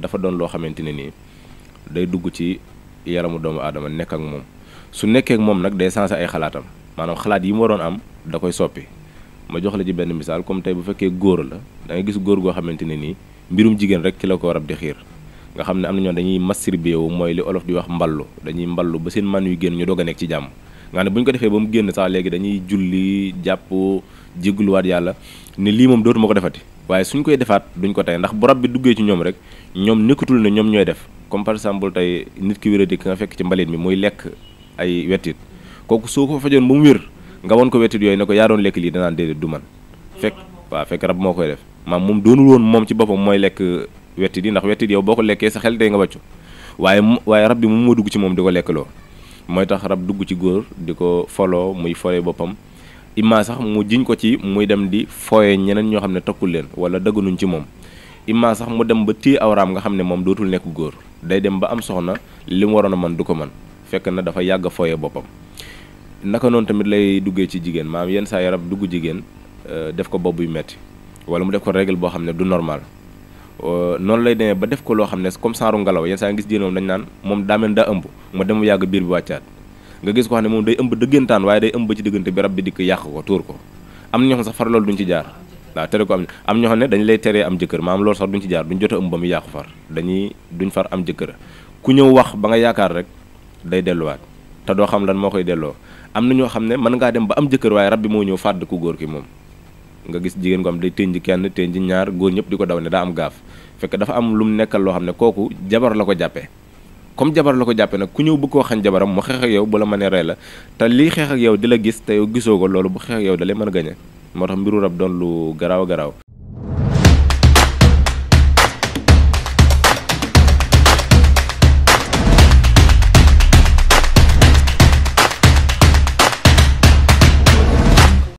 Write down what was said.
dafa doon loo xamante ne nii day dugg ci yaramu doomu aadama nekk ak moom su nekkee moom nag day sensé ay xalaatam maanaam xalaat yi mu waroon am da koy soppi ma jox la ci benn misaal comme tey bu fekkee góor la da gis góor goo xamante ne nii mbirum jigéen rek ki la ko war a di xiir nga xam ne am na ñoo dañuy masturbé wu mooy li olof di wax mballu dañuy mballu ba seen man yu génn ñu doog nekk ci jàmm nga ne bu ñu ko defee ba mu génn sax léegi dañuy julli jàpp jégguluwaat yàlla ne lii moom dootuma ko defati waaye suñ koy defaat duñ ko tey ndax bu rab bi duggee ci ñoom rek ñoom nekkatul ne ñoom ñooy def comme par exemple tey nit ki wér a dikk nga fekk ci mbalit mi muy lekk ay wettit kooku soo ko fajoon ba mu wér nga won ko wettit yooyu ne ko yaa doon lekk lii danaa déedéet du man fekk waaw fekk rab moo koy def maam moom doonul woon moom ci boppam mooy lekk wettit yi ndax wettit yow boo ko lekkee sa xel day nga wàccu waaye waaye rab bi mu moo dugg ci moom di ko lekk mooy tax rab dugg ci góor di ko foloo muy fole boppam imma sax mu jiñ ko ci muy dem di fooye ñeneen ñoo xam ne tokkul leen wala dëgganuñ ci moom imma sax mu dem ba téye awraam nga xam ne moom dootul nekk góor day dem ba am soxna li mu waroon a man du ko man fekk na dafa yàgg a fooye boppam naka noonu tamit lay duggee ci jigéen maam yenn saa yaram dugg jigéen euh, def ko bopp buy metti wala mu def ko règle boo xam ne du normal euh, noonu lay demee ba def ko loo xam ne comme saaru ngelaw yenn saa gis jigéen moom dañ naan moom daa mel daa ëmb mu dem yàgg biir bi wàccaat nga gis ko xam ne moom day ëmb dëggantaan waaye day ëmb ci diggante bi rab bi dikk yàq ko tuur ko am na ñoo xam loolu duñ ci jaar waaw tere ko am am ñoo xam ne dañ lay tere am jëkkër maanaam loolu sax duñ ci jaar duñ jot a ëmb ba mu yàqu duñ far am jëkkër ku ñëw wax ba nga yaakaar rek day delluwaat te doo xam lan moo koy delloo am na ñoo xam ne mën ngaa dem ba am jëkkër waaye rab bi moo ñëw fàdd ku góor ki moom nga gis jigéen ko am day tënj kenn tënj ñaar góor ñëpp di ko daw ne daa am gaaf fekk dafa am lu mu nekkal loo xam ne kooku jabar la ko jàppee comme jabar la ko jàppee nag ku ñëw bu ko xañ jabaram mu xeex ak yow bu la mënee rey la te lii xeex ak yow di la gis te yow gisoo ko loolu bu xeex yow dalee mën a gañe moo tax mbiru rab doon lu garaaw garaaw